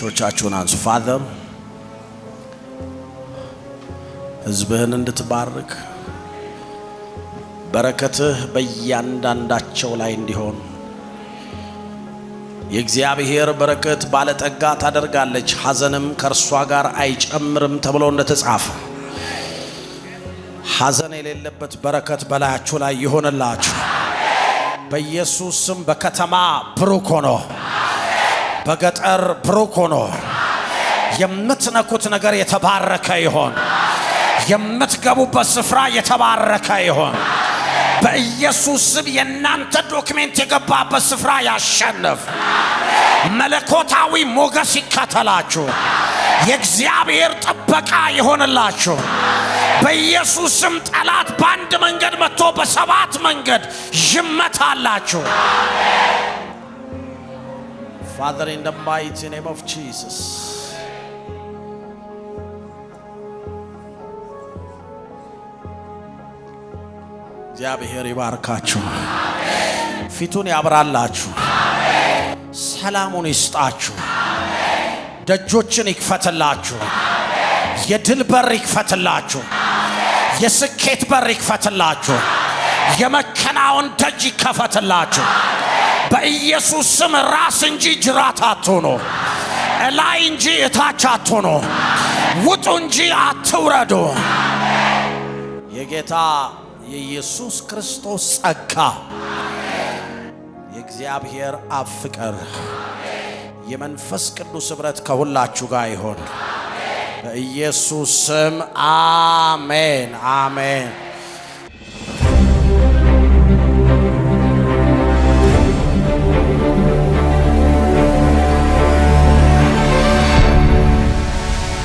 እጆቻችሁን አንሱ። ፋዘር ህዝብህን እንድትባርክ በረከትህ በእያንዳንዳቸው ላይ እንዲሆን የእግዚአብሔር በረከት ባለጠጋ ታደርጋለች፣ ሐዘንም ከእርሷ ጋር አይጨምርም ተብሎ እንደተጻፈ ሐዘን የሌለበት በረከት በላያችሁ ላይ ይሆንላችሁ በኢየሱስ ስም። በከተማ ብሩክ ሆኖ በገጠር ብሩክ ሆኖ የምትነኩት ነገር የተባረከ ይሆን። የምትገቡበት ስፍራ የተባረከ ይሆን። በኢየሱስ ስም የእናንተ ዶክሜንት የገባበት ስፍራ ያሸንፍ። መለኮታዊ ሞገስ ይከተላችሁ። የእግዚአብሔር ጥበቃ ይሆንላችሁ። በኢየሱስ ስም ጠላት በአንድ መንገድ መጥቶ በሰባት መንገድ ይመታላችሁ። Father, in the mighty name of Jesus. እግዚአብሔር ይባርካችሁ፣ ፊቱን ያብራላችሁ፣ ሰላሙን ይስጣችሁ፣ ደጆችን ይክፈትላችሁ፣ የድል በር ይክፈትላችሁ፣ የስኬት በር ይክፈትላችሁ፣ የመከናወን ደጅ ይከፈትላችሁ። በኢየሱስ ስም ራስ እንጂ ጅራት አትሆኑ፣ እላይ እንጂ እታች አትሆኑ፣ ውጡ እንጂ አትውረዱ። የጌታ የኢየሱስ ክርስቶስ ጸጋ፣ የእግዚአብሔር አብ ፍቅር፣ የመንፈስ ቅዱስ ኅብረት ከሁላችሁ ጋር ይሆን። በኢየሱስ ስም አሜን፣ አሜን።